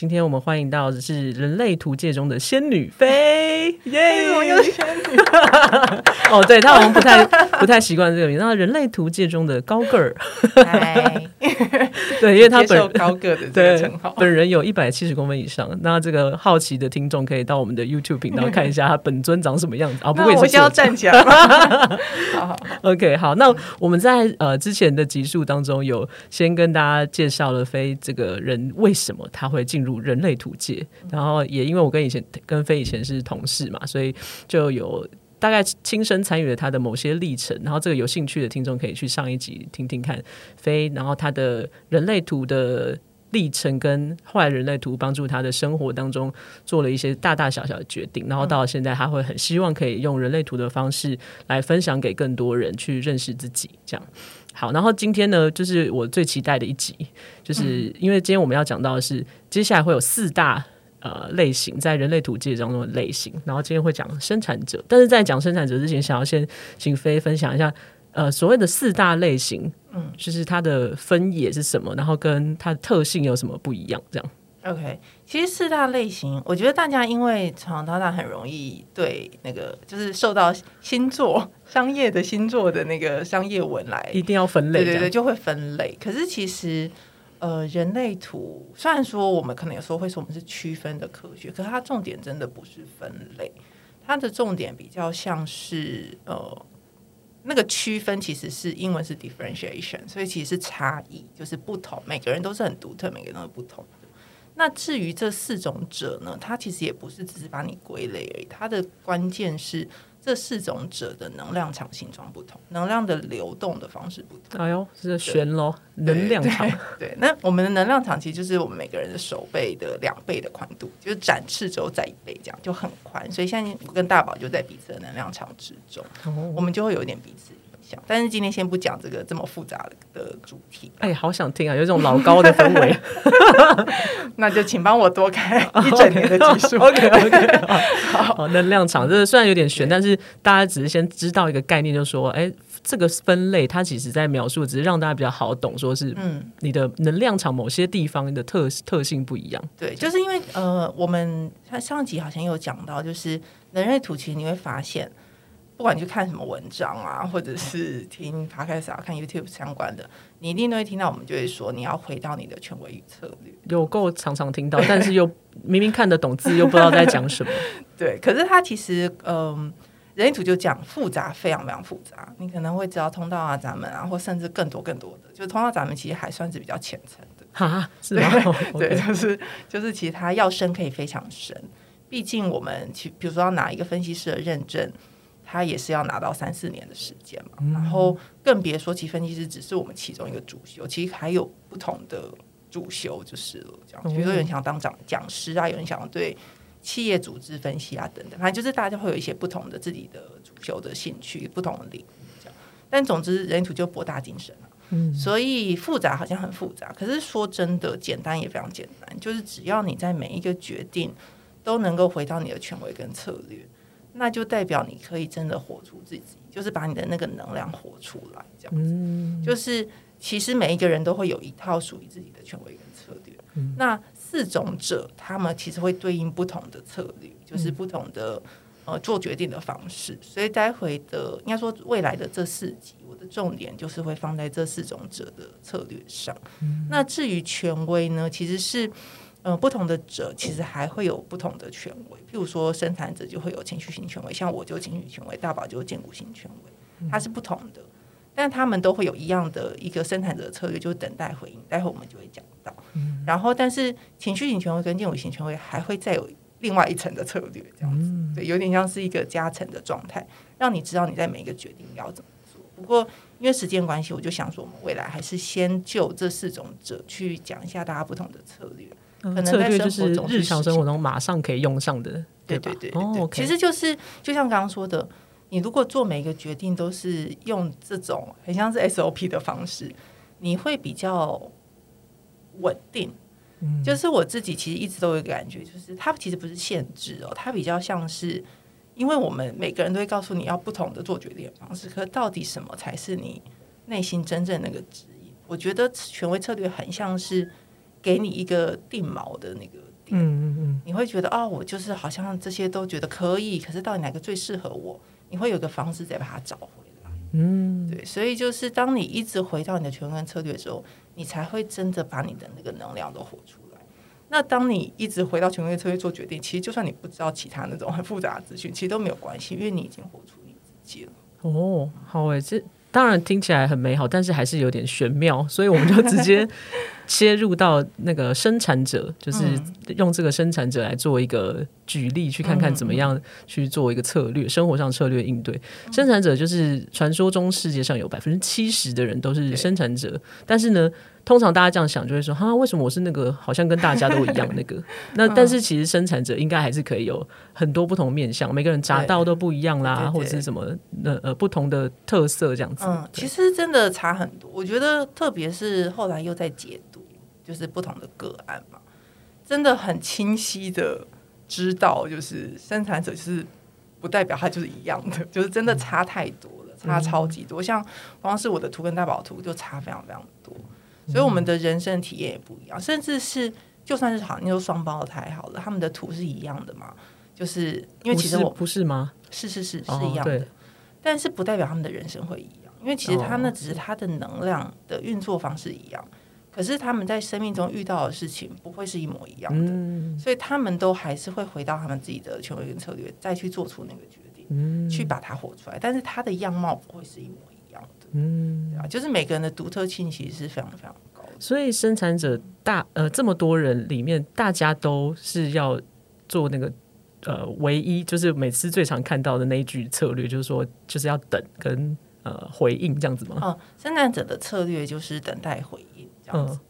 今天我們歡迎到的是人類圖界中的仙女飛、哎，耶！我麼又仙女？ 哦，對他好像不太不太習慣這個名。 那人類圖界中的高個兒，Hi，對，因為他本 接受高個的這個稱號，對，本人有一百七十公分以上。那這個好奇的聽眾可以到我們的 YouTube 頻道看一下他本尊長什麼樣子啊，。 哦，不會我，我先要站起來。好好。OK，好，那我們在呃之前的集數當中有先跟大家介紹了飛這個人為什麼他會進入。人類圖界，然後也因為我跟以前跟 Faye 以前是同事嘛，所以就有大概親身參與了他的某些歷程。然後這個有興趣的聽眾可以去上一集聽聽看 Faye，然後他的人類圖的歷程跟後來人類圖幫助他的生活當中做了一些大大小小的決定。然後到了現在他會很希望可以用人類圖的方式來分享給更多人去認識自己，這樣。好，然後今天呢，就是我最期待的一集，就是因為今天我們要講到的是接下來會有四大呃類型在人類圖界當中的類型，然後今天會講生產者，但是在講生產者之前，想要先請 Faye 分享一下呃所謂的四大類型，嗯，就是它的分野是什麼，然後跟它的特性有什麼不一樣，這樣。OK，其實四大類型，我覺得大家因為從小到大很容易對那個就是受到星座商業的星座的那個商業文來一定要分類，對對對，就會分類。可是其實呃，人類圖雖然說我們可能有時候會說我們是區分的科學，可是它重點真的不是分類，它的重點比較像是呃那個區分其實是英文是 differentiation，所以其實是差異，就是不同，每個人都是很獨特，每個人都是不同。那至於這四種者呢，它其實也不是只是把你歸類而已，它的關鍵是這四種者的能量場形狀不同，能量的流動的方式不同。哎呦，是懸嘍，能量場對。對，那我們的能量場其實就是我們每個人的手臂的兩倍的寬度，就是展翅之後再一倍這樣就很寬。所以現在我跟大寶就在彼此的能量場之中，哦哦，我們就會有點彼此。但是今天先不講這個這麼複雜的主題。哎，好想聽啊，有一種老高的氛圍。 那就請幫我多開一整年的技術。Oh, OK oh, OK。好，能量場，這雖然有點懸，但是大家只是先知道一個概念，就是說，哎、欸，這個分類它其實在描述，只是讓大家比較好懂，說是，嗯，你的能量場某些地方的特特性不一樣、嗯。對，就是因為呃，我們上集好像有講到，就是人類圖其實你會發現。不管你去看什麼文章啊，或者是聽 Podcast 啊，看 YouTube 相關的，你一定都會聽到我們就會說你要回到你的權威與策略。有夠常常聽到， 但是又明明看得懂字， 又不知道在講什麼。 對，可是他其實，嗯，人類圖就講複雜，非常非常複雜。你可能會知道通道啊、閘門啊，或甚至更多更多的。就通道、閘門其實還算是比較淺層的哈、啊，是嗎，對，okay. 對，就是就是，其實他要深可以非常深。畢竟我們去，比如說要拿一個分析師的認證。他也是要拿到三四年的時間嘛，然後更別說，其實分析師只是我們其中一個主修，其實還有不同的主修，就是這樣。比如說有人想當講講師啊，有人想對企業組織分析啊，等等，反正就是大家會有一些不同的自己的主修的興趣、不同的領域這樣。但總之，人圖就博大精深了。嗯，所以複雜好像很複雜，可是說真的，簡單也非常簡單，就是只要你在每一個決定都能夠回到你的權威跟策略，那就代表你可以真的活出自己，就是把你的那個能量活出來，這樣子，嗯。就是其實每一個人都會有一套屬於自己的權威跟策略，嗯。那四種者，他們其實會對應不同的策略，就是不同的、嗯、呃做決定的方式。所以待會的應該說未來的這四集，我的重點就是會放在這四種者的策略上。嗯、那至於權威呢，其實是。呃，不同的者其實還會有不同的權威，譬如說生產者就會有情緒性權威，像我就情緒權威，大寶就是薦骨型權威，它是不同的，但他們都會有一樣的一個生產者的策略，就是等待回應。待會我們就會講到，然後但是情緒性權威跟薦骨型權威還會再有另外一層的策略，這樣子，對，有點像是一個加成的狀態，讓你知道你在每一個決定要怎麼做。不過因為時間關係，我就想說我們未來還是先就這四種者去講一下大家不同的策略。策略就是日常生活中馬上可以用上的，對對對，對。其實就是就像剛剛說的，你如果做每一個決定都是用這種很像是 SOP 的方式，你會比較穩定。就是我自己其實一直都有一個感覺，就是它其實不是限制哦，它比較像是，因為我們每個人都會告訴你要不同的做決定的方式，可到底什麼才是你內心真正那個指引？我覺得權威策略很像是，給你一個定錨的那個點，嗯嗯嗯，你會覺得啊、哦，我就是好像這些都覺得可以，可是到底哪個最適合我？你會有個方式再把它找回來，嗯，對。所以就是當你一直回到你的權威策略之後，你才會真的把你的那個能量都活出來。那當你一直回到權威策略做決定，其實就算你不知道其他那種很複雜的資訊，其實都沒有關係，因為你已經活出你自己了。哦，好誒、欸，這。當然聽起來很美好，但是還是有點玄妙，所以我們就直接切入到那個生產者，就是用這個生產者來做一個舉例，去看看怎麼樣去做一個策略，生活上策略應對。生產者就是傳說中世界上有百分之七十的人都是生產者，但是呢，通常大家這樣想就會說：哈，為什麼我是那個好像跟大家都一樣那個？ 那但是其實生產者應該還是可以有很多不同面相，嗯，每個人閘道都不一樣啦，對對對，或者是什麼呃、呃、不同的特色這樣子。嗯，其實真的差很多。我覺得特別是後來又在解讀，就是不同的個案嘛，真的很清晰的知道，就是生產者是不代表他就是一樣的，就是真的差太多了，嗯、差超級多。像光是我的圖跟大寶圖就差非常非常多。所以，我們的人生體驗也不一樣，甚至是就算是好像你說雙胞胎好了，他們的圖是一樣的嘛？就是因為其實我不是，不是嗎？是是是、哦、是一樣的，但是不代表他們的人生會一樣，因為其實他那只是他的能量的運作方式一樣，哦、可是他們在生命中遇到的事情不會是一模一樣的、嗯，所以他們都還是會回到他們自己的權威跟策略，再去做出那個決定，嗯、去把它活出來，但是他的樣貌不會是一模一樣。嗯、啊，就是每個人的獨特性其實是非常非常的高的。所以生產者大呃這麼多人裡面，大家都是要做那個呃唯一，就是每次最常看到的那一句策略，就是說就是要等跟呃回應這樣子嗎？哦、呃，生產者的策略就是等待回應這樣子。嗯、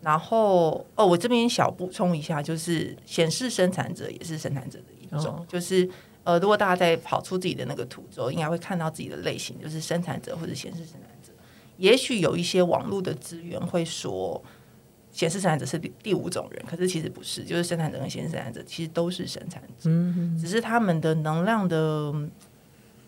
然後哦，我這邊小補充一下，就是顯示生產者也是生產者的一種，嗯、就是。呃，如果大家在跑出自己的那個圖之後，應該會看到自己的類型，就是生產者或者顯示生產者。也許有一些網絡的資源會說，顯示生產者是第第五種人，可是其實不是，就是生產者跟顯示生產者其實都是生產者，嗯嗯、只是他們的能量的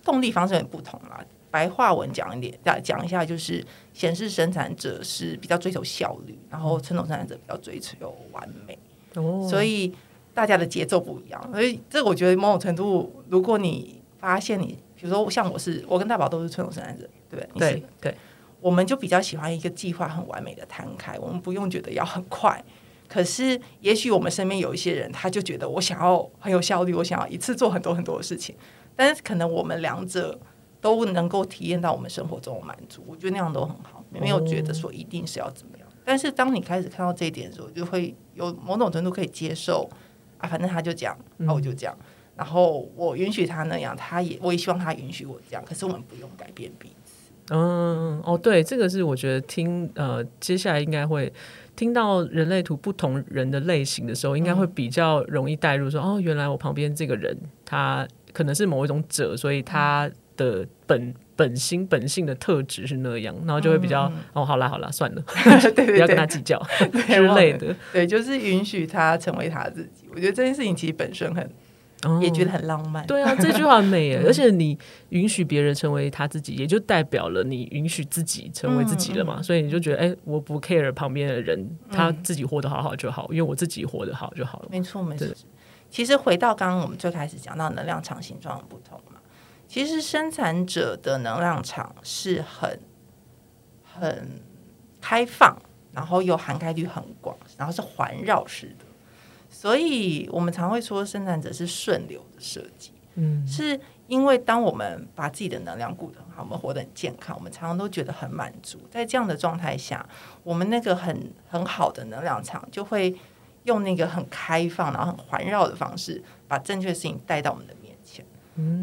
動力方式也不同啦。白話文講一點，講講一下，就是顯示生產者是比較追求效率，嗯、然後傳統生產者比較追求完美，哦、所以。大家的節奏不一樣，所以這個我覺得某種程度，如果你發現你比如說像我是，我跟大寶都是純生產者，對不對？對對，我們就比較喜歡一個計劃很完美的攤開，我們不用覺得要很快。可是也許我們身邊有一些人，他就覺得我想要很有效率，我想要一次做很多很多的事情。但是可能我們兩者都能夠體驗到我們生活中的滿足，我覺得那樣都很好，嗯、沒有覺得說一定是要怎麼樣。但是當你開始看到這一點的時候，就會有某種程度可以接受。啊，反正他就講，然、嗯、後、啊、我就講，然後我允許他那樣，他也我也希望他允許我這樣，可是我們不用改變彼此。嗯，哦，對，這個是我覺得聽呃，接下來應該會聽到人類圖不同人的類型的時候，應該會比較容易帶入說，說、嗯、哦，原來我旁邊這個人，他可能是某一種者，所以他的本。嗯本心本性的特質是那樣，然後就會比較、嗯、哦，好啦好啦，算了，不 要跟他計較之類的。對，就是允許他成為他自己。我覺得這件事情其實本身很，嗯、也覺得很浪漫。對啊，這句話很美、嗯，而且你允許別人成為他自己，也就代表了你允許自己成為自己了嘛。嗯、所以你就覺得，哎、欸，我不 care 旁邊的人，他自己活得好好就好、嗯，因為我自己活得好好就好了。沒錯，沒錯。其實回到剛剛我們最開始講到能量場形狀的不同其實生產者的能量場是很、很開放，然後又涵蓋率很廣，然後是環繞式的。所以，我們常會說生產者是順流的設計。嗯，是因為當我們把自己的能量顧得很好，我們活得很健康，我們常常都覺得很滿足。在這樣的狀態下，我們那個很很好的能量場就會用那個很開放，然後很環繞的方式，把正確的事情帶到我們的。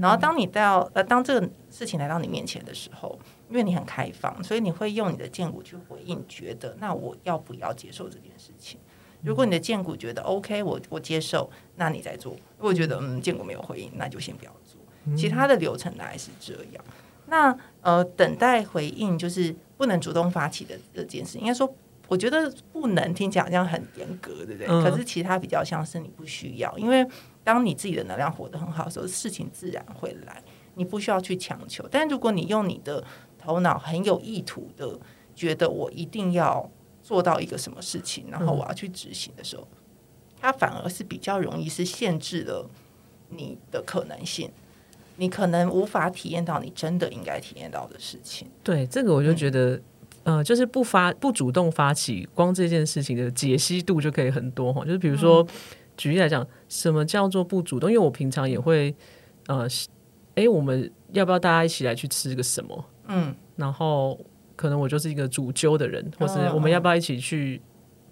然後當你到呃，當這個事情來到你面前的時候，因為你很開放，所以你會用你的薦骨去回應，覺得那我要不要接受這件事情？如果你的薦骨覺得 OK，我我接受，那你再做；如果覺得嗯，薦骨沒有回應，那就先不要做。其他的流程呢還是這樣。那呃，等待回應就是不能主動發起的這件事，應該說，我覺得不能，聽起來好像很嚴格，對不對？嗯、可是其他比較像是你不需要，因為。當你自己的能量活得很好的時候，事情自然會來，你不需要去強求。但如果你用你的頭腦很有意圖的覺得我一定要做到一個什麼事情，然後我要去執行的時候，嗯、它反而是比較容易是限制了你的可能性，你可能無法體驗到你真的應該體驗到的事情。對這個，我就覺得，嗯、呃，就是不發不主動發起，光這件事情的解析度就可以很多哈。嗯、就是比如說。嗯舉例來講，什麼叫做不主動？因為我平常也會，呃，哎，我們要不要大家一起來去吃個什麼？嗯，然後可能我就是一個主揪的人，嗯嗯，或是我們要不要一起去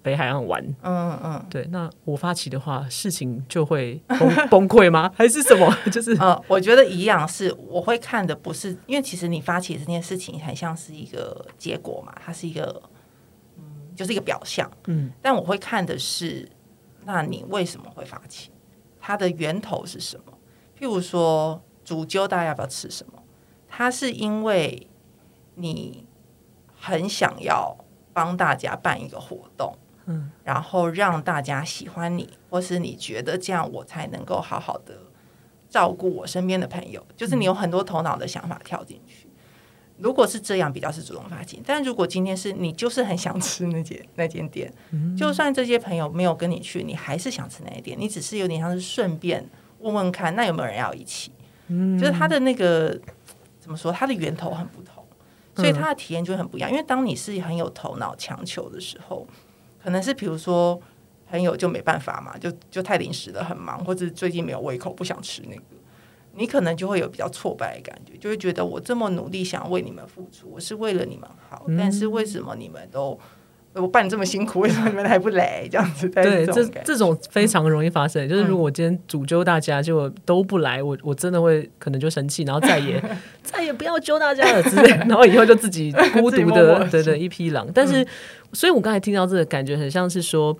北海岸玩？嗯嗯，對。那我發起的話，事情就會崩，崩潰嗎？ 還是什麼？就是、呃，嗯，我覺得一樣是，是我會看的不是，因為其實你發起這件事情，很像是一個結果嘛，它是一個，嗯，就是一個表象。嗯，但我會看的是。那你為什麼會發起？它的源頭是什麼？譬如說，主揪大家要不要吃什麼？它是因為你很想要幫大家辦一個活動，嗯，然後讓大家喜歡你，或是你覺得這樣我才能夠好好的照顧我身邊的朋友，就是你有很多頭腦的想法跳進去。嗯如果是這樣，比較是主動發起；但如果今天是你就是很想吃那間那間店，就算這些朋友沒有跟你去，你還是想吃那一點。你只是有點像是順便問問看，那有沒有人要一起？嗯嗯嗯嗯嗯。就是他的那個怎麼說，他的源頭很不同，所以他的體驗就很不一樣，嗯。因為當你是很有頭腦強求的時候，可能是比如說朋友就沒辦法嘛，就就太臨時了，很忙，或者最近沒有胃口不想吃那個。你可能就會有比較挫敗的感覺，就會覺得我這麼努力，想為你們付出，我是為了你們好，嗯、但是為什麼你們都我辦這麼辛苦，為什麼你們還不來？這樣子對，這種這，這種非常容易發生。嗯、就是如果我今天主揪大家、嗯，結果都不來，我我真的會可能就生氣，然後再也 再也不要揪大家了 之類，然後以後就自己孤獨的 摸摸對，對對，一匹狼、嗯。但是，所以我剛才聽到這個感覺，很像是說，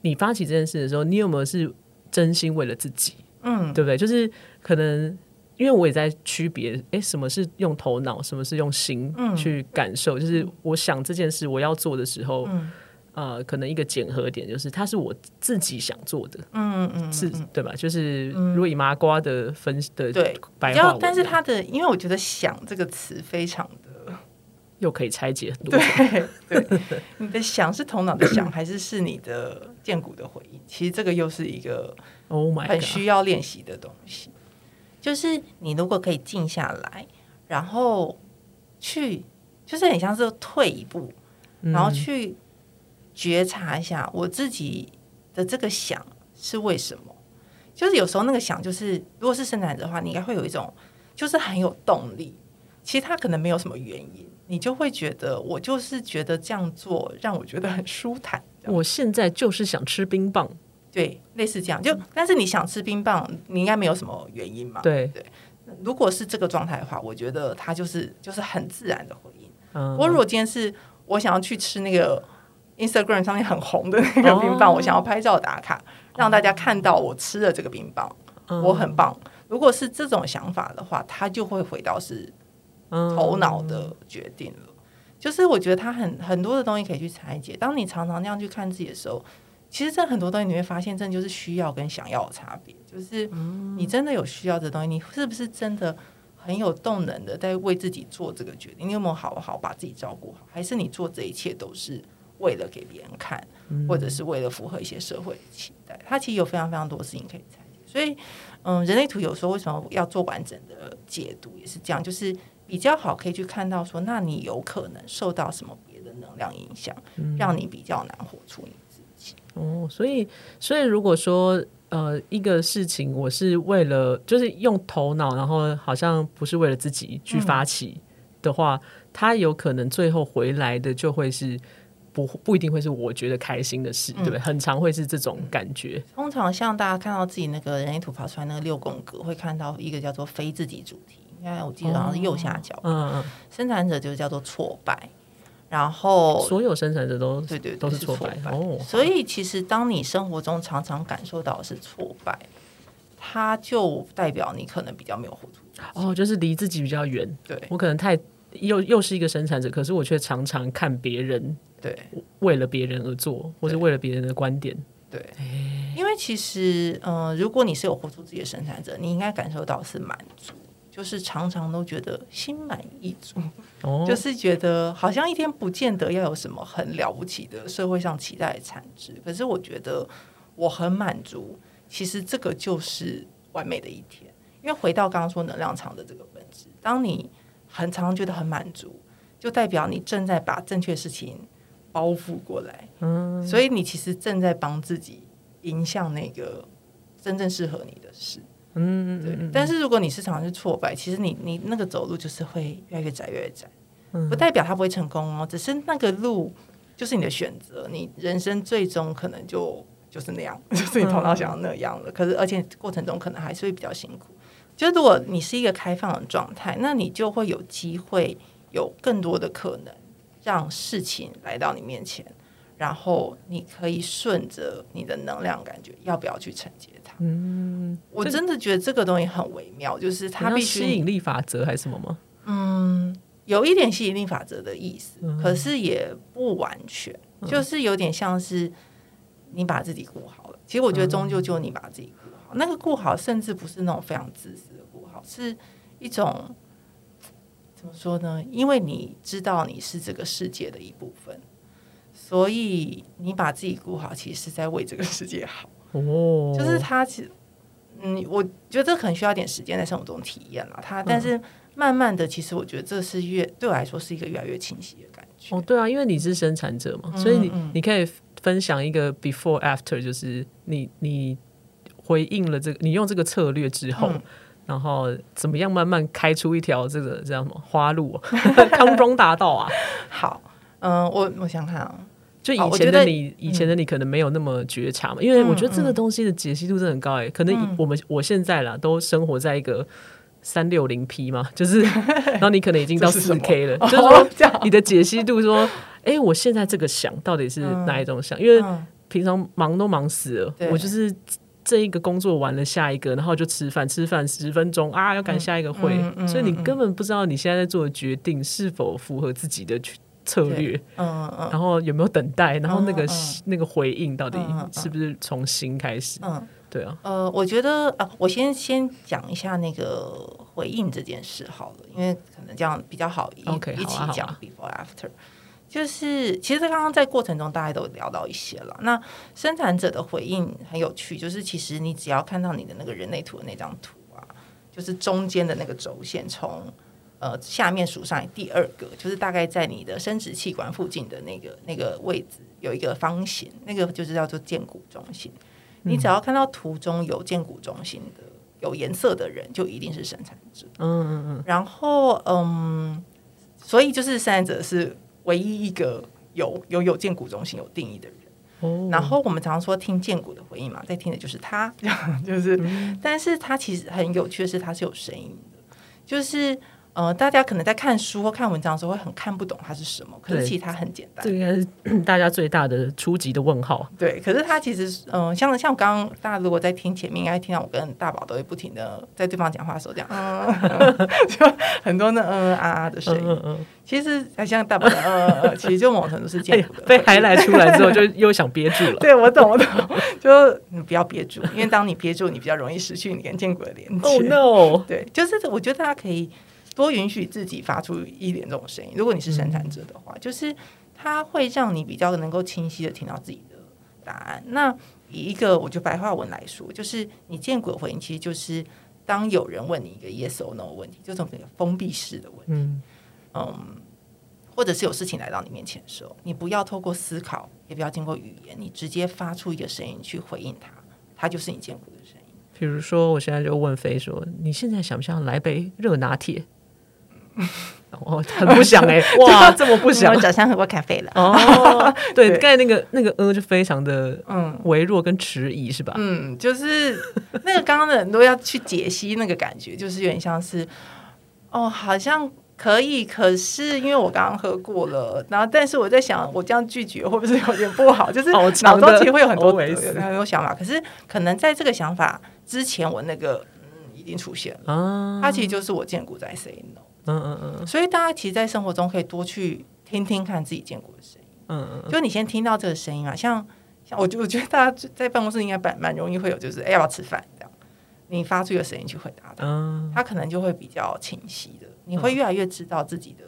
你發起這件事的時候，你有沒有是真心為了自己？嗯，對不對？就是。可能因為我也在區別，哎、欸，什麼是用頭腦，什麼是用心去感受、嗯。就是我想這件事我要做的時候，嗯、呃，可能一個檢核點就是它是我自己想做的，嗯嗯，是，對吧？就是如果以麻瓜的分、嗯、的對白話對，但是他的，因為我覺得“想”這個詞非常的又可以拆解很多，對對， 你的想是頭腦的想咳咳，還是是你的薦骨的回應？其實這個又是一個很需要練習的東西。就是你如果可以靜下來，然後去，就是很像是退一步、嗯，然後去覺察一下我自己的這個想是為什麼。就是有時候那個想，就是如果是生產者的話，你應該會有一種就是很有動力。其實他可能沒有什麼原因，你就會覺得我就是覺得這樣做讓我覺得很舒坦、嗯。我現在就是想吃冰棒。對，類似這樣就，但是你想吃冰棒，你應該沒有什麼原因嘛？對對，如果是這個狀態的話，我覺得他就是就是很自然的回應。嗯，我如果今天是我想要去吃那個 Instagram 上面很紅的那個冰棒，哦，我想要拍照打卡，讓大家看到我吃了這個冰棒，嗯、我很棒。如果是這種想法的話，他就會回到是頭腦的決定了。嗯、就是我覺得他很很多的東西可以去拆解。當你常常那樣去看自己的時候。其實，這很多東西你會發現，這就是需要跟想要的差別。就是你真的有需要這東西，你是不是真的很有動能的在為自己做這個決定？你有沒有好好把自己照顧好？還是你做這一切都是為了給別人看，或者是為了符合一些社會的期待？它其實有非常非常多的事情可以參與。所以，嗯，人類圖有時候為什麼要做完整的解讀，也是這樣，就是比較好可以去看到說，那你有可能受到什麼別的能量影響，讓你比較難活出你。哦，所以，所以如果說，呃，一個事情我是為了就是用頭腦，然後好像不是為了自己去發起的話，他、嗯、有可能最後回來的就會是不不一定會是我覺得開心的事，對、嗯、不對？很常會是這種感覺、嗯。通常像大家看到自己那個人類圖發出來那個六宮格，會看到一個叫做非自己主題，應該我記得好像是右下角，嗯嗯，生產者就是叫做挫敗。然後，所有生產者都對對、對都是挫敗，oh, 所以其實當你生活中常常感受到的是挫敗，它就代表你可能比較沒有活出。哦、oh,，就是離自己比較遠。對，我可能太又又是一個生產者，可是我卻常常看別人。對，為了別人而做，或是為了別人的觀點。對，對 hey. 因為其實，嗯、呃，如果你是有活出自己的生產者，你應該感受到是滿足。就是常常都覺得心滿意足，就是覺得好像一天不見得要有什麼很了不起的社會上期待的產值，可是我覺得我很滿足。其實這個就是完美的一天，因為回到剛剛說能量場的這個本質，當你很常常覺得很滿足，就代表你正在把正確事情包覆過來。所以你其實正在幫自己迎向那個真正適合你的事。嗯，嗯，對。但是如果你是常常是挫敗，其實你你那個走路就是會越來越窄越來越窄，不代表他不會成功哦。只是那個路就是你的選擇，你人生最終可能就就是那樣，就是你頭腦想要那樣的，嗯。可是而且過程中可能還是會比較辛苦。就如果你是一個開放的狀態，那你就會有機會有更多的可能讓事情來到你面前，然後你可以順着你的能量的感覺要不要去承接。嗯，我真的覺得這個東西很微妙，就是它必須吸引力法則還是什麼嗎？嗯，有一點吸引力法則的意思，嗯，可是也不完全，嗯，就是有點像是你把自己顧好了，嗯。其實我覺得終究就你把自己顧好，嗯，那個顧好甚至不是那種非常自私的顧好，是一種怎麼說呢？因為你知道你是這個世界的一部分，所以你把自己顧好，其實是在為這個世界好。哦、oh.，就是他，其實，嗯，我覺得這可能需要點時間在生活中體驗了他，但是慢慢的，其實我覺得這是越對我來說是一個越來越清晰的感覺。哦，對啊，因為你是生產者嘛，嗯、所以你、嗯、你可以分享一個 before after，就是你你回應了這個，你用這個策略之後，嗯、然後怎麼樣慢慢開出一條這個叫什麼花路、啊、 康莊大道啊？好，嗯、呃，我我想看啊、哦。就以前的你，以前的你可能沒有那麼覺察嘛，因為我覺得這個東西的解析度是很高哎、欸。可能我們我現在啦，都生活在一個三六零 P 嘛，就是，然後你可能已經到四 K 了，就是說你的解析度說，哎，我現在這個想到底是哪一種想？因為平常忙都忙死了，我就是這一個工作完了下一個，然後就吃飯，吃飯十分鐘啊，要趕下一個會，所以你根本不知道你現在在做的決定是否符合自己的決定。策略，嗯嗯，然後有沒有等待，嗯、然後那個、嗯嗯、那個回應到底是不是重新開始嗯？嗯，對啊。呃，我覺得啊、呃，我先先講一下那個回應這件事好了，因為可能這樣比較好一 Okay, 一起講 Before、啊啊、After。就是其實剛剛在過程中大家都聊到一些了，那生產者的回應很有趣，就是其實你只要看到你的那個人類圖的那張圖啊，就是中間的那個軸線從。呃，下面數上第二個，就是大概在你的生殖器官附近的那個那個位置，有一個方形，那個就是叫做薦骨中心。你只要看到圖中有薦骨中心的、有顏色的人，就一定是生產者。嗯嗯嗯。然後，嗯，所以就是生產者是唯一一個有有有薦骨中心、有定義的人。哦。然後我們常說聽薦骨的回應嘛，在聽的就是他，嗯、 就是。但是他其實很有趣的是，他是有聲音的，就是。呃，大家可能在看書或看文章的時候會很看不懂它是什麼，可是其實它很簡單。這應該是大家最大的初級的問號。對，可是它其實，嗯、呃，像像我剛剛大家如果在聽前面，應該聽到我跟大寶都會不停的在對方講話的時候這樣，嗯，就很多那嗯,嗯啊啊的聲音。嗯,嗯嗯，其實像大寶的嗯嗯,嗯，其實就某程度是這樣、哎嗯、 被還來出來之後就又想憋住了。 對，我懂我懂，就不要憋住， 因為當你憋住，你比較容易失去你跟薦骨的連接。Oh、no！對，就是我覺得大家可以。多允許自己發出一點這種聲音。如果你是生產者的話，嗯、就是它會讓你比較能夠清晰的聽到自己的答案。那以一個我就白話文來說，就是你薦骨回應，其實就是當有人問你一個 yes or no 的問題，就這種封閉式的問題，嗯，嗯，或者是有事情來到你面前的時候，你不要透過思考，也不要經過語言，你直接發出一個聲音去回應他，他就是你薦骨的聲音。比如說，我現在就問飛說，你現在想不想來杯熱拿鐵？ 哦，他很不想哎，欸，哇，這麼不想，我早上喝過咖啡了哦。 對。對，剛才那個那個呃，就非常的嗯微弱、跟遲疑是吧？嗯，就是那個剛剛的人都要去解析那個感覺，就是有點像是哦，好像可以，可是因為我剛剛喝過了，然後但是我在想，我這樣拒絕會不會是有點不好？哦，就是腦中其實會有很多很多想法，可是可能在這個想法之前，我那個嗯已經出現了啊，他，嗯、其實就是我薦骨在 say no 嗯嗯嗯，所以大家其實在生活中可以多去聽聽看自己薦骨的聲音。嗯嗯，就你先聽到這個聲音啊，像像我，我覺得大家在辦公室應該蠻蠻容易會有，就是欸，要不要吃飯這樣，你發出一個聲音去回答他，他可能就會比較清晰的。你會越來越知道自己的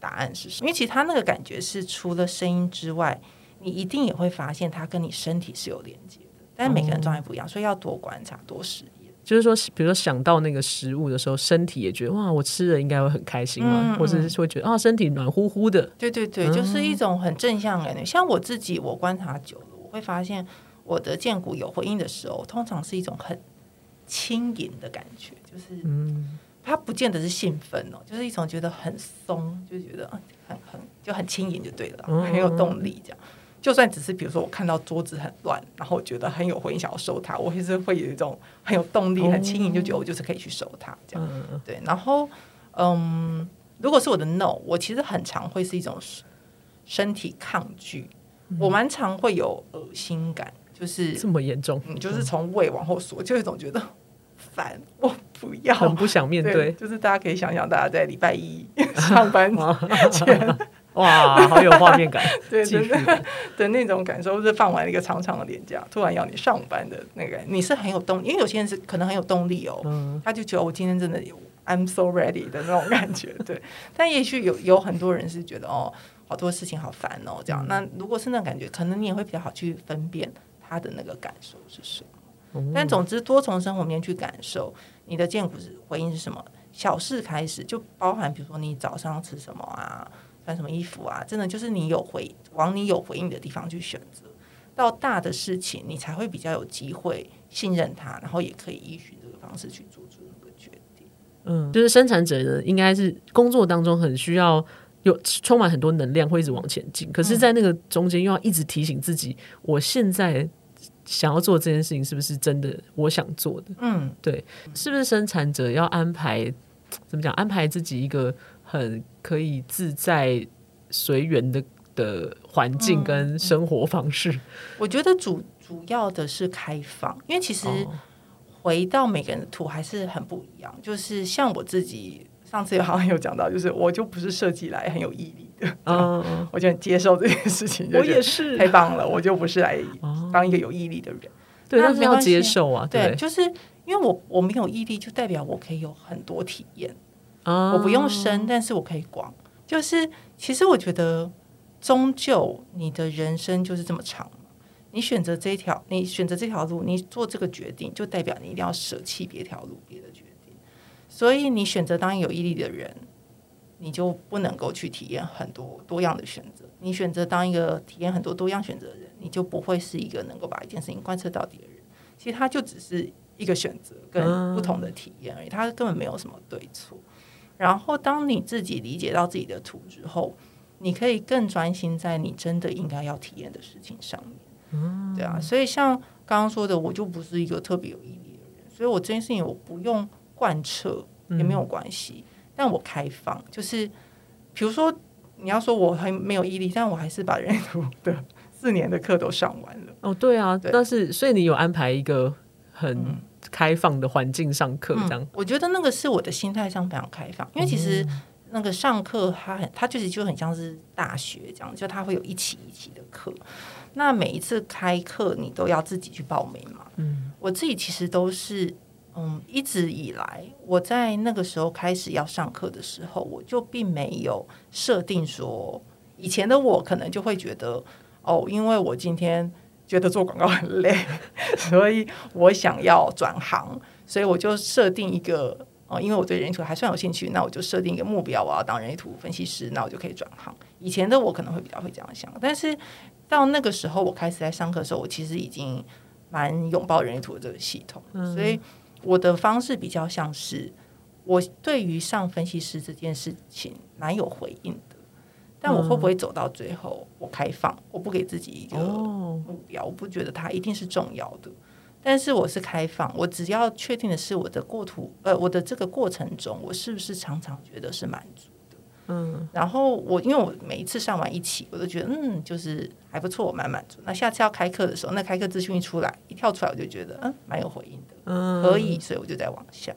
答案是什麼，因為其實他那個感覺是除了聲音之外，你一定也會發現他跟你身體是有連接的。但是每個人狀態不一樣，所以要多觀察多試。就是說，比如說想到那個食物的時候，身體也覺得哇，我吃了應該會很開心啊，嗯嗯。或者是會覺得啊，身體暖乎乎的。對對對，嗯、就是一種很正向感覺。像我自己，我觀察久了，我會發現我的薦骨有回應的時候，通常是一種很輕盈的感覺，就是嗯，他不見得是興奮哦，喔，就是一種覺得很鬆，就覺得很很就很輕盈就對了，很，嗯，有動力這樣。就算只是比如說我看到桌子很亂，然後我覺得很有回應，想要收它，我其實會有一種很有動力、Oh. 很輕盈，就覺得我就是可以去收它這樣。Uh. 對，然後嗯，如果是我的 no，我其實很常會是一種身體抗拒，我蠻常會有噁心感，嗯、就是這麼嚴重、嗯，就是從胃往後縮，就有一種覺得煩，我不要，很不想面對。對就是大家可以想想，大家在禮拜一上班前。 哇，好有畫面感， 感，對，真的的那種感受，就是放完一個長長的年假，突然要你上班的那個，你是很有動力？因為有些人是可能很有動力哦，嗯、他就覺得我今天真的有 I'm so ready 的那種感覺，對。 但也許有有很多人是覺得哦，好多事情好煩哦，這樣。嗯、那如果是那種感覺，可能你也會比較好去分辨他的那個感受是什麼。嗯、但總之，多從生活面去感受你的薦骨是回應是什麼？小事開始就包含，比如說你早上吃什麼啊？穿什麼衣服啊？真的就是你有回往你有回應的地方去選擇，到大的事情你才會比較有機會信任他，然後也可以依循這個方式去做出那個決定。嗯，就是生產者呢，應該是工作當中很需要有充滿很多能量，會一直往前進。可是，在那個中間又要一直提醒自己，嗯、我現在想要做這件事情是不是真的我想做的？嗯，對，是不是生產者要安排怎麼講？安排自己一個。很可以自在隨緣的的環境跟生活方式。嗯嗯，我覺得主主要的是開放，因為其實回到每個人的圖還是很不一樣。就是像我自己上次好像有講到，就是我就不是設計來很有毅力的，嗯，我就很接受這件事情。就就我也是，太棒了！我就不是來當一個有毅力的人，哦、對，沒有接受啊對。對，就是因為我我沒有毅力，就代表我可以有很多體驗。我不用深，但是我可以廣。就是其實我覺得，終究你的人生就是這麼長嘛。你選擇這條，你選擇這條路，你做這個決定，就代表你一定要舍棄別條路，別的決定。所以你選擇當一有毅力的人，你就不能夠去體驗很多多樣的選擇。你選擇當一個體驗很多多樣選擇的人，你就不會是一個能夠把一件事情貫徹到底的人。其實它就只是一個選擇跟不同的體驗而已，uh... 它根本沒有什麼對錯。然後，當你自己理解到自己的圖之後，你可以更專心在你真的應該要體驗的事情上面。嗯，對啊。所以像剛剛說的，我就不是一個特別有毅力的人，所以我這件事情我不用貫徹也沒有關係，嗯。但我開放，就是比如說你要說我很沒有毅力，但我還是把人類圖的四年的課都上完了。哦，對啊。對。但是，所以你有安排一個很。嗯開放的環境上課，這樣，嗯，我覺得那個是我的心態上非常開放，因為其實那個上課他很，它確實就很像是大學這樣，就他會有一期一期的課，那每一次開課你都要自己去報名嘛。嗯，我自己其實都是，嗯，一直以來我在那個時候開始要上課的時候，我就並沒有設定說，以前的我可能就會覺得，哦，因為我今天。覺得做廣告很累，所以我想要轉行，所以我就設定一個哦、呃，因為我對人類圖還算有興趣，那我就設定一個目標，我要當人類圖分析師，那我就可以轉行。以前的我可能會比較會這樣想，但是到那個時候，我開始在上課的時候，我其實已經蠻擁抱人類圖這個系統，所以我的方式比較像是我對於上分析師這件事情蠻有回應的。但我會不會走到最後？我開放，我不給自己一個目標，我不覺得它一定是重要的。但是我是開放，我只要確定的是我的過途，呃，我的這個過程中，我是不是常常覺得是滿足的？嗯。然後我因為我每一次上完一期，我都覺得嗯，就是還不錯，我蠻滿足。那下次要開課的時候，那開課資訊一出來，一跳出來，我就覺得嗯，蠻有回應的，嗯，可以，所以我就再往下。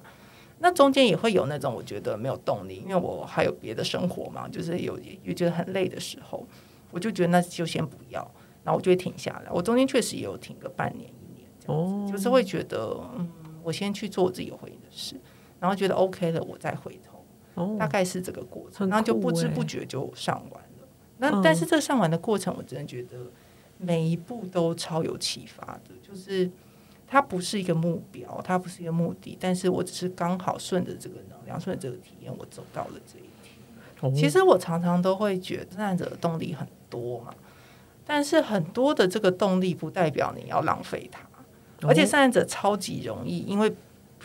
那中間也會有那種我覺得沒有動力，因為我還有別的生活嘛，就是有也覺得很累的時候，我就覺得那就先不要，然後我就會停下來。我中間確實也有停個半年一年這樣子，哦、就是會覺得、嗯、我先去做我自己有回應的事，然後覺得 OK 了，我再回頭，哦、大概是這個過程，然後就不知不覺就上完了。哦、那但是這個上完的過程，我真的覺得每一步都超有啟發的，就是。它不是一個目標，它不是一個目的，但是我只是剛好順着這個能量，順着這個體驗，我走到了這一天，哦。其實我常常都會覺得生產者的動力很多嘛，但是很多的這個動力不代表你要浪費它，哦，而且生產者超級容易，因為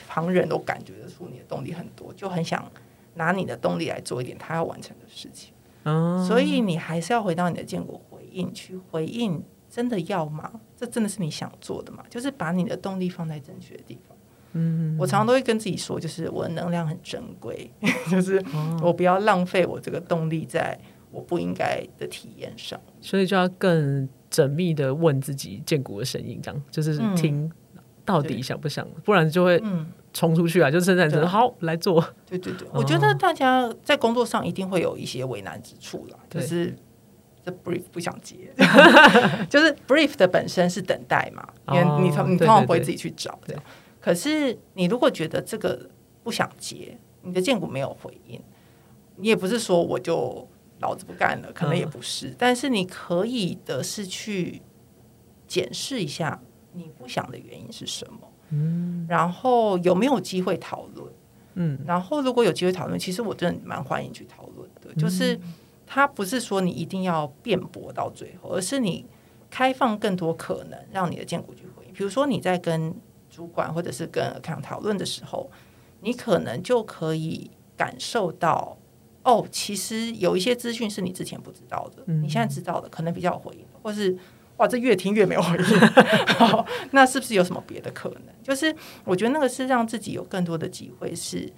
旁人都感覺得出你的動力很多，就很想拿你的動力來做一點他要完成的事情。哦、所以你還是要回到你的薦骨回應去回應。真的要嗎？這真的是你想做的嗎？就是把你的動力放在正確的地方。嗯，我常常都會跟自己說，就是我的能量很珍貴， 就是我不要浪費我這個動力在我不應該的體驗上。所以就要更縝密的問自己，薦骨的聲音，這樣就是聽到底想不想，嗯、不然就會衝出去啊！就正在說好來做。對對對，哦、我覺得大家在工作上一定會有一些為難之處啦，就是。這 brief 不想接， 就是 brief 的本身是等待嘛， 因為你、oh, 你對對對你通常不會自己去找的。可是你如果覺得這個不想接，你的薦骨沒有回應，你也不是說我就老子不幹了，可能也不是。Oh. 但是你可以的是去檢視一下你不想的原因是什麼、嗯，然後有沒有機會討論，嗯，然後如果有機會討論，其實我真的蠻歡迎去討論的，就是。嗯他不是說你一定要辯駁到最後，而是你開放更多可能，讓你的薦骨回應。比如說你在跟主管或者是跟 account 討論的時候，你可能就可以感受到，哦，其實有一些資訊是你之前不知道的，嗯、你現在知道的可能比較有回應，或是哇，這越聽越沒有回應。 那是不是有什麼別的可能？就是我覺得那個是讓自己有更多的機會，是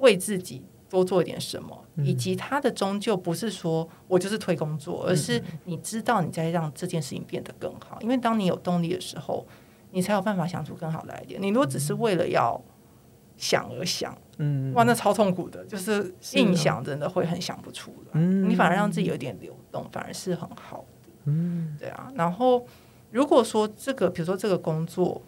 為自己。多做一點什麼，以及他的終究不是說我就是推工作，而是你知道你在讓這件事情變得更好。因為當你有動力的時候，你才有辦法想出更好來一點。你如果只是為了要想而想，嗯，哇，那超痛苦的，就是硬想真的會很想不出。嗯，你反而讓自己有點流動，反而是很好的。嗯，對啊。然後如果說這個，比如說這個工作，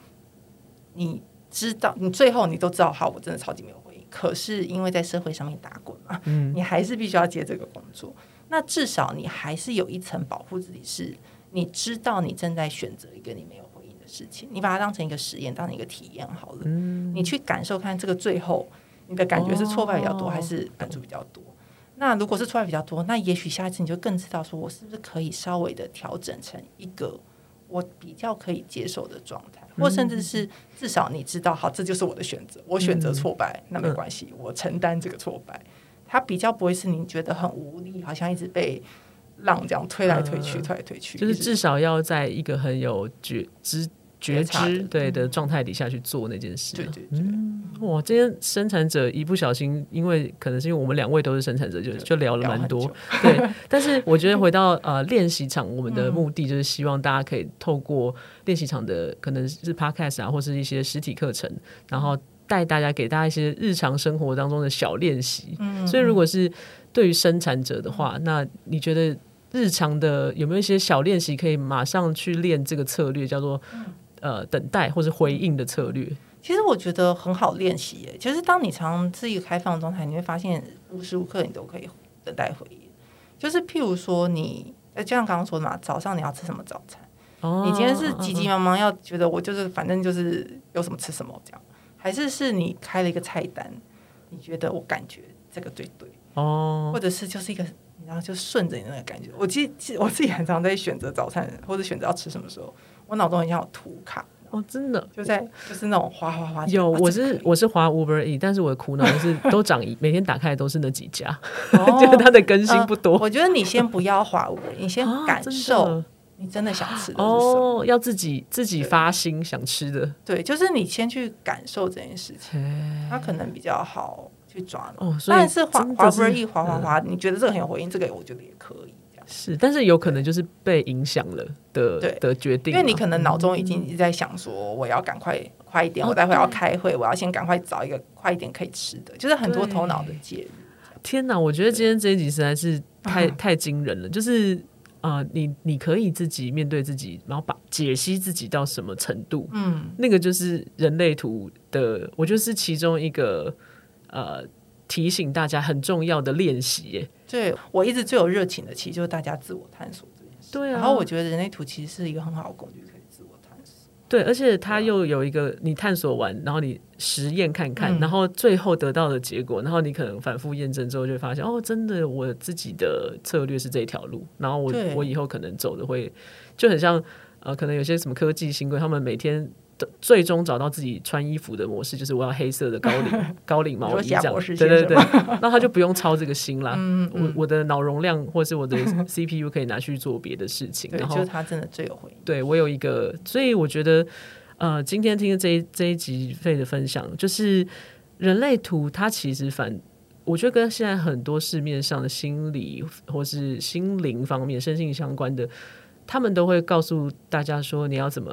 你知道，你最後你都知道，好，我真的超級沒有。可是因為在社會上面打滾嘛、嗯，你還是必須要接這個工作。那至少你還是有一層保護自己是，是你知道你正在選擇一個你沒有回應的事情，你把它當成一個實驗，當成一個體驗好了、嗯。你去感受，看這個最後你的感覺是挫敗比較多，還是滿足比較多、哦？那如果是挫敗比較多，那也許下一次你就更知道說我是不是可以稍微的調整成一個。我比較可以接受的狀態，或甚至是，至少你知道，嗯、好，這就是我的選擇。我選擇挫敗、嗯，那沒關係，我承擔這個挫敗。它比較不會是你覺得很無力，好像一直被浪這樣推來推去、嗯、推來推去。就是至少要在一個很有覺知。嗯覺知對的狀態底下去做那件事。對對，對。嗯，哇，這些生產者一不小心，因為可能是因為我們兩位都是生產者，就就聊了蠻多。對，但是我覺得回到呃練習場，我們的目的就是希望大家可以透過練習場的可能是 podcast 啊，或是一些實體課程，然後帶大家給大家一些日常生活當中的小練習。所以如果是對於生產者的話，那你覺得日常的有沒有一些小練習可以馬上去練這個策略，叫做？呃，等待或是回應的策略，其實我覺得很好練習耶。其實當你常常是一個開放的狀態，你會發現無時無刻你都可以等待回應。就是譬如說，你呃，就像剛剛說的嘛，早上你要吃什麼早餐？哦，你今天是急急忙忙要覺得我就是反正就是有什麼吃什麼這樣，還是是你開了一個菜單，你覺得我感覺這個最對哦，或者是就是一個，然後就順着你那個感覺。我其實其實我自己很常在選擇早餐或者選擇要吃什麼時候。我腦中很像有圖卡哦，oh, 真的就在就是那種滑滑滑。有，哦、我是我是滑 Uber e，但是我的苦惱就是都長， 每天打開都是那幾家，oh, 就它的更新不多、呃。我覺得你先不要滑 Uber，、e, 你先感受你真的想吃的是什麼哦，oh, 要自己自己發心想吃的對。對，就是你先去感受這件事情，他、hey. 可能比較好去抓。哦、oh,，但是滑滑 Uber e 滑滑滑,滑、嗯，你覺得這個很有回應，這個我覺得也可以。是，但是有可能就是被影響了的對的決定，啊。因為你可能腦中已經一直在想說，我要趕快、嗯、快一點、啊，我待會要開會，我要先趕快找一個快一點可以吃的，就是很多頭腦的解。天哪，我覺得今天這一集實在是太太驚人了，啊、就是、呃、你你可以自己面對自己，然後把解析自己到什麼程度，嗯，那個就是人類圖的，我就是其中一個呃。提醒大家很重要的練習耶。對我一直最有熱情的，其實就是大家自我探索這件事。對、啊，然後我覺得人類圖其實是一個很好的工具，可以自我探索。對，而且它又有一個，啊、你探索完，然後你實驗看看、嗯，然後最後得到的結果，然後你可能反覆驗證之後，就會發現哦，真的我自己的策略是這一條路。然後我我以後可能走的會就很像呃，可能有些什麼科技新貴，他們每天。最終找到自己穿衣服的模式，就是我要黑色的高領 高領毛衣。這樣 對對對，那 他就不用操這個心啦。 我我的腦容量或是我的 CPU 可以拿去做別的事情。 然後對就他真的最有回應。對我有一個，所以我覺得，呃，今天聽的這一這一集 Faye 的分享，就是人類圖，它其實反我覺得跟現在很多市面上的心理或是心靈方面、身心相關的，他們都會告訴大家說你要怎麼。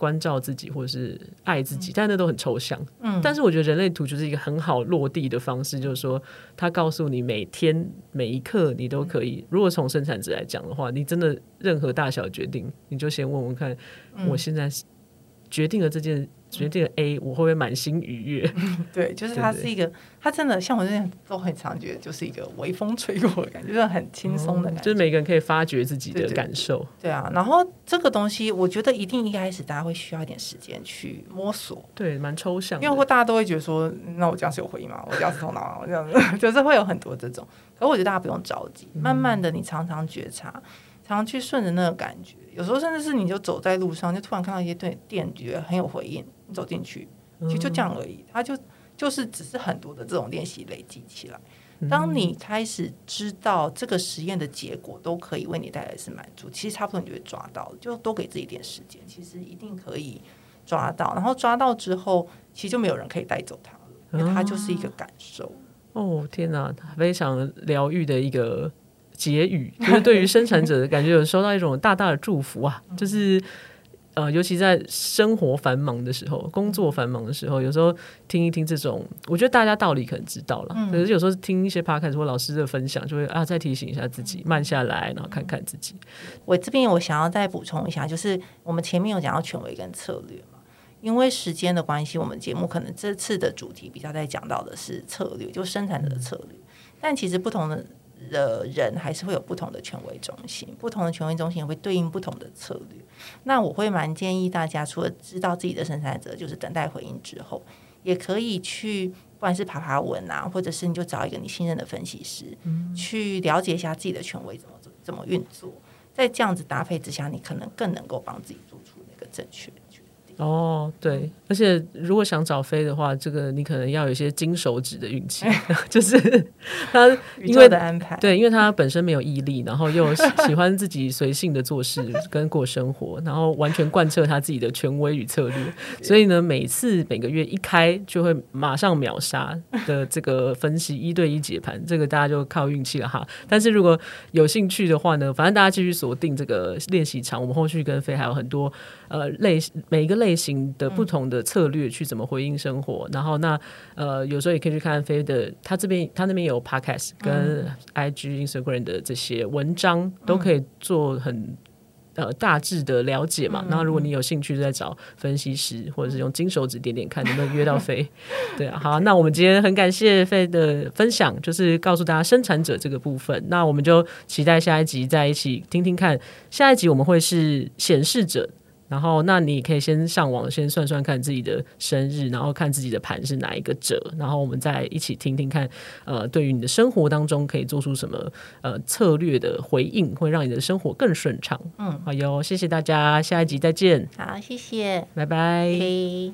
關照自己，或者是愛自己、嗯，但那都很抽象。嗯，但是我覺得人類圖就是一個很好落地的方式，嗯、就是說，他告訴你每天每一刻你都可以。嗯、如果從生產者來講的話，你真的任何大小決定，你就先問問看，我現在是。嗯決定了這件，決定了 A，、嗯、我會不會滿心愉悅？對，就是它是一個，對對對，它真的像我這樣都很常覺得，就是一個微風吹過的感覺，就是很輕鬆的感覺、嗯。就是每個人可以發掘自己的感受。對，對，對，對啊，然後這個東西，我覺得一定一開始大家會需要一點時間去摸索。對，蠻抽象的，因為大家都會覺得說，那我這樣是有回應嗎？我這樣是頭腦，這樣就是會有很多這種。可是我覺得大家不用着急，慢慢的，你常常覺察。嗯常去順着那個感覺，有時候甚至是你就走在路上，就突然看到一些店，覺得很有回應，你走進去，其實就這樣而已。它、嗯、就就是只是很多的這種練習累積起來。當你開始知道這個實驗的結果都可以為你帶來是滿足，其實差不多你就會抓到了。就多給自己一點時間，其實一定可以抓到。然後抓到之後，其實就沒有人可以帶走它，因為它就是一個感受。嗯、哦，天哪，非常療癒的一個。結語就是對於生產者，的感覺有收到一種大大的祝福啊！ 就是呃，尤其在生活繁忙的時候、工作繁忙的時候，有時候聽一聽這種，我覺得大家道理可能知道了、嗯。可是有時候聽一些 Podcast 或老師的分享，就會啊再提醒一下自己慢下來，然後看看自己。我這邊我想要再補充一下，就是我們前面有講到權威跟策略嘛，因為時間的關係，我們節目可能這次的主題比較在講到的是策略，就生產者的策略。嗯、但其實不同的。的人還是會有不同的權威中心，不同的權威中心也會對應不同的策略。那我會蠻建議大家，除了知道自己的生產者就是等待回應之後，也可以去不管是爬爬文啊，或者是你就找一個你信任的分析師，去了解一下自己的權威怎麼怎麼怎麼運作。在這樣子搭配之下，你可能更能夠幫自己做出那個正確。哦，對，而且如果想找飛的話，這個你可能要有一些金手指的運氣， 就是他因為宇宙的安排，對，因為他本身沒有毅力，然後又喜歡自己隨性的做事跟過生活， 然後完全貫徹他自己的權威與策略， 所以呢，每次每個月一開就會馬上秒殺的這個分析一對一解盤，這個大家就靠運氣了哈。但是如果有興趣的話呢，反正大家繼續鎖定這個練習場，我們後續跟飛還有很多呃類每一個類。類型的不同的策略去怎麼回應生活，嗯、然後那呃有時候也可以去看 Faye 的，他這邊他那邊有 podcast 跟 IG、嗯、Instagram 的這些文章都可以做很呃大致的了解嘛。那、嗯、如果你有興趣，再找分析師、嗯、或者是用金手指點點看，嗯、能不能約到 Faye？ 對啊，好，okay. 那我們今天很感謝 Faye 的分享，就是告訴大家生產者這個部分。那我們就期待下一集再一起聽聽聽看，下一集我們會是顯示者。然後，那你可以先上網，先算算看自己的生日，然後看自己的盤是哪一個者，然後我們再一起聽聽看，呃，對於你的生活當中可以做出什麼呃策略的回應，會讓你的生活更順暢。嗯，好喲，謝謝大家，下一集再見。好，謝謝，拜拜。Okay.